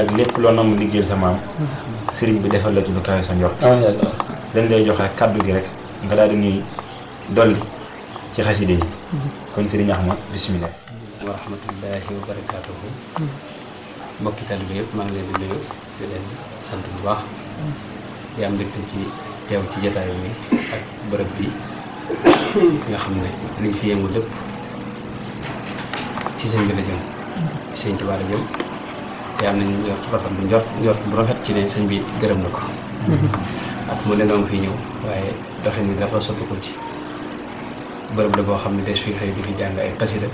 ak lépp loo nam liggéeyal sa maam sëriñ bi defal la ci lu kawe sa njort dañ lay joxe kaddu gi rek nga daal di ñuy dolli ci xaside yi mm-hmm. kon Serigne ahmad bismillah wa rahmatullahi wa barakatuh mbokki talibé yëpp ma ngi leen di nuyu di leen sant bu baax di am mm-hmm. mbégte ci teew ci jotaay bi ak bërëb bi nga xam ne liñ fi yëngu lépp ci sëñ bi la jëm ci sëñ tubaar jëm te am nañ njort rafet njort njort bu rafet ci ne sëñ bi gërëm na ko ak mu ne noonu fi ñëw waaye doxin bi dafa soppi ko ci bërëb la boo xam ne des fi xëy di fi jàng ay xasida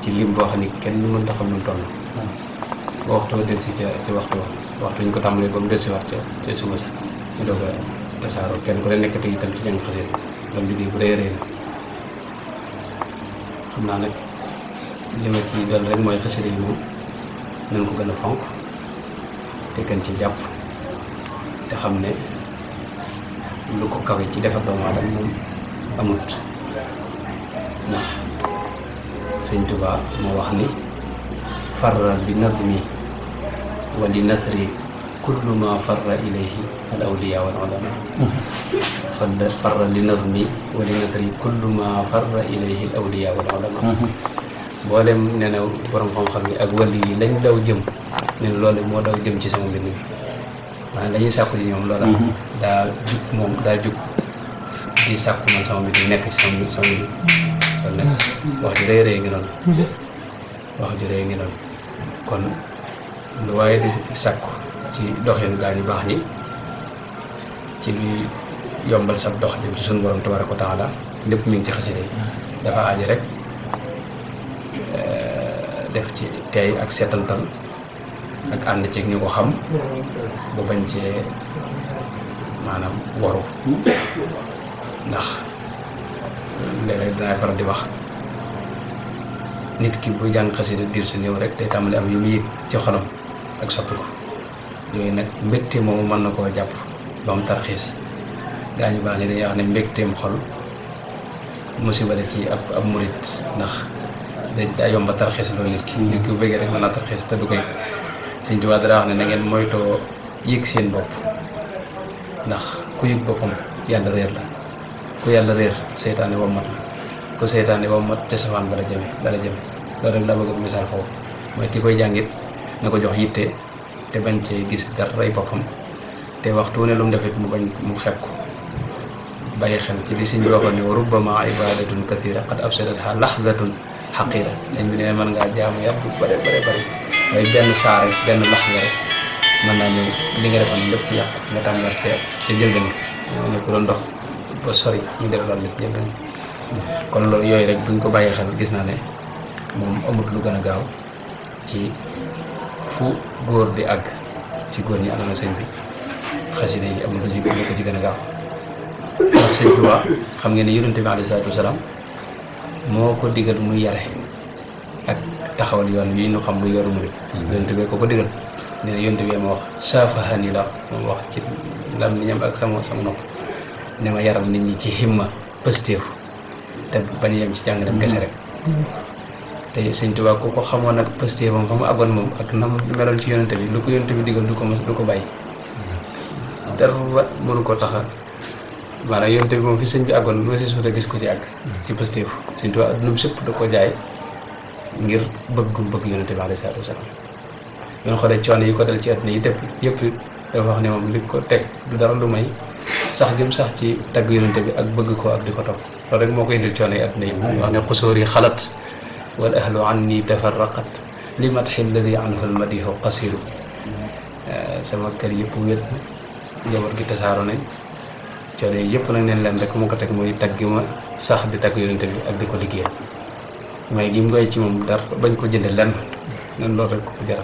ci lim boo xam ne kenn mën ta xam lu toll ba waxtu waxtu waxtu ñu ko tàmbalee ba mu delsi waat ca ca suba sa ñu doog a tasaaroo kenn ku ne nekkati itam ci jàng xasida loolu liggéey bu rëy rëy la xam naa nag li ma doon rek mooy xasida yi moom nañ ko gën a fonk te gën ci jàpp te xam ne lu ko kawe ci defar doomu aadama moom amut ndax sëñ Tuubaa moo wax ni far bi nadmi wa li nasri kullu ma nasri kullu ma farra ilayhi al awliya wal ulama mboolem nee na borom xam-xam yi ak wàll yi lañ daw jëm ne loolu moo daw jëm ci sama mbind mi maanaam la ñuy sàkku ci mhm. moom daa jug di sàkku man sama mbind mi nekk ci sama sama mbind mhm. kon nag waaye di sàkku ci doxin gaa ñu baax ñi ci luy yombal sa dox jëm ci suñu borom tabaaraka lépp mi ngi ci xasida dafa aaji rek def ci tey ak seetantal ak and ci ñu ko xam bu bañ cee manam waru ndax lele léeg danaay di wax nit ki bu xasi xasida dir su ñew rek day tamale am yu mi ci xolam ak soppi ko yooyu nak mbekté moomu mën na japp bam ba gañu tarxiis gaañu baax ni dañuy wax ne xol musiba ci ab ab mourid ndax dañ daa yomba tarxiis loo nit ki nit ki bu bëggee rek mën naa tarxiis te du koy sëñ Tuubaa dara wax ne na ngeen moytoo yëg seen bopp ndax ku yëg boppam yàlla réer la ku yàlla réer seytaane ba mat la ku seytaane ba mat ca safaan ba jëme dala jëme loolu rek laa bëgg misaal foofu mooy ki koy jàngit na ko jox yitte te bañ cee gis daray boppam te waxtu ne lu mu defit mu bañ mu xeb ko bàyyi xel ci li sëñ bi waxoon ne wa rubbama ibadatun kathira qad absadatha lahdatun xaqira sehingga bi nee man jamu ya yàlla bare bare bare waaye benn saar rek benn lax nga rek mën naa ñëw li nga defoon lépp yàq nga tàngal ca ca jëlgën nga ne ko doon dox ba sori ñu delaloon lépp jëlgën kon loolu yooyu rek buñ ko bàyyee xel gis naa ne moom amut lu gën gaaw ci fu góor di Ag, ci góor ñi andoona sëñ bi xasida yi amul lu ci gaaw moo ko digal muy yare ak taxawal yoon yi nu xam muy yoon murit yonent bi ko ko digal nee na yonent bi wax saafahani la moom ni ñam ak sama sama nopp ne ma nit ñi ci himma pëstéef te bañ a ci jàng dem kese rek te sëñ Tuubaa ku ko xamoon ak pëstéefam fa mu àggoon moom ak nam meloon ci yonent bi lu ko yonent bi digal du ko mos du ko bàyyi mm-hmm. ko taxa maanaam yonte te moom fi sëñ bi àggoon loo si suuf gis ko ci àgg ci pëstéef sëñ Tuubaa addunam sëpp da ko jaay ngir bëgg gum bëgg yonente bi alayhi salaatu wa salaam yoon xoolee coono yi ko dal ci adduna yi def yëpp dafa wax ne moom li ko teg du dara lu may sax jëm sax ci tagg yonente bi ak bëgg ko ak di ko topp loolu rek moo koy indil coono yi adduna yi ñu wax ne xusóor yi xalat wal ahlu anni tafarraqat li matxi alladi anhu almadihu qasiru eh, sama kër yëpp wér njaboot gi tasaaroo nañ coono yi yëpp nag neen leen rek mu ko teg muy tag gi ma sax di tagg yonente bi ak di ko liggéeyal may gi mu ci moom dara bañ ko jënde lenn nen loolu rek ko ko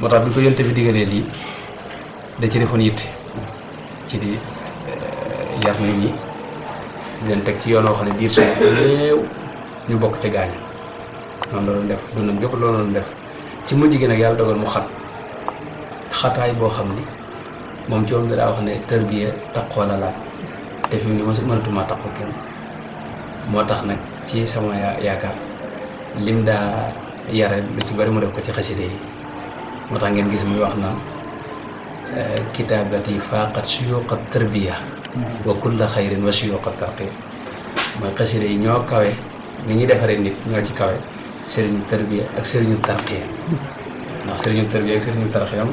moo tax bi ko yonente bi digalee lii da ci defoon yitte ci di eh, yar nit ñi di leen teg ci yoon woo xam ne diir su néew ñu bokk ca gaañu noonu la ci mujj gi nag yàlla dogal mu xat xataay boo xam ni mom ci moom dara wax ne tërbiya taqwa la la def ni ma ma mënatuma taqwa kenn moo tax nag ci sama ya- yaakaar lim da yare lu ci bari mu def ko ci xaside yi motax ngeen gis muy wax eh, kitabati faqat shuyuq at-tarbiya wa kulla xayrin wa suyuqa tarqiya mooy xaside yi ño kawé ni ñi defaree nit ño ci kawé serigne tarbiya ak serigne tarqiya ndax serigne tarbiya ak serigne tarqiya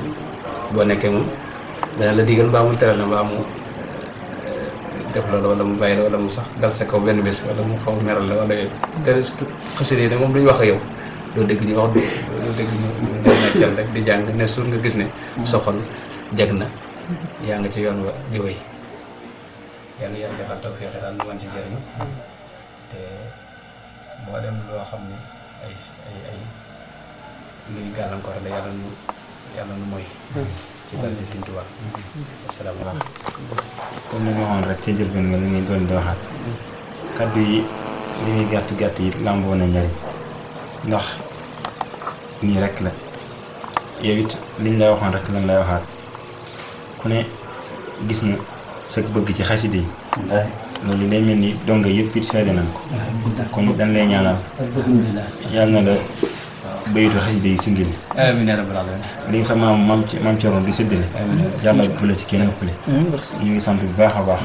bo nekkee dala la digal mbaa mu teral la mbaa mu def la wala mu bàyyi la wala mu sax dal sa kaw benn bés wala mu xaw meral la wala yooyu dana xasiree ne moom duñ wax yow doo dégg ñu wax du doo dégg ñu na cal rek di jàng ne suur nga gis ne sa xol na yaa nga ci yoon wa di wéy yaa ngi yàlla defal taw fexe daal ñu mën ci jëriñu te moo dem loo xam ne ay ay ay luy gàllankoor la yàlla nu yàlla nu mooy hmm. ci dal di Sëriñ Tuubaa hmm. asalaamaaleykum comme ni ma waxoon rek ca njëlbéen nga li ngay doon di waxaat kaddu yi li muy gàtt gàtt yi làmboo na njariñ ndax nii rek la yow it liñ lay waxoon rek lañ lay waxaat ku ne gis na sa bëgg ci xaside yi loolu day mel ni donga yëpp it seede nañ ko kon dañ ñaanal yàlla na la bayitu xasida yi singil yi amiin yaa rabbal aalamiin li sa maam maam maam Thierno di séddale ñu ngi sant bu baax a baax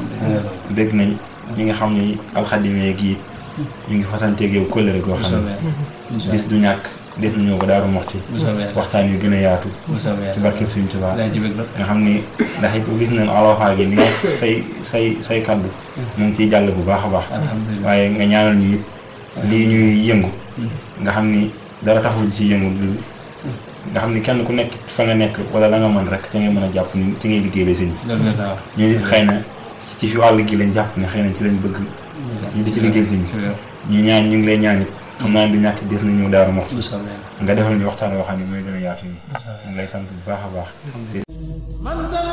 bégg nañ ñi nga xam ne alxadime gi hmm. ñu ngi fasanteeg yow kóllëre goo xam ne bis du ñàkk def nañoo ko daaru moxti waxtaan yu gën a yaatu ci barke Sëriñ Tuubaa nga xam ni ndax gis nañ alooxaa gi ni say say say kaddu mu ngi ciy jàll bu baax a baax waaye nga ñaanal ñu it lii ñuy yëngu hmm. nga xam ni dara taxul ci yëngu lu nga xam ni kenn ku nekk fa nga nekk wala la nga mën rek ci ngay mën a jàpp ni ci ngay liggéeyee sëñ bi ñu xëy na ci fi wàll gi lañ jàpp ne xëy na ci lañ bëgg ñu di ci liggéeyal sëñ ñu ñaan ñu ngi lay ñaan it xam naa ne du ñàkk des na ñëw daaru mox nga defal ñu waxtaan yoo xam ne mooy gën a yaatu ñu ngi lay sant bu baax a baax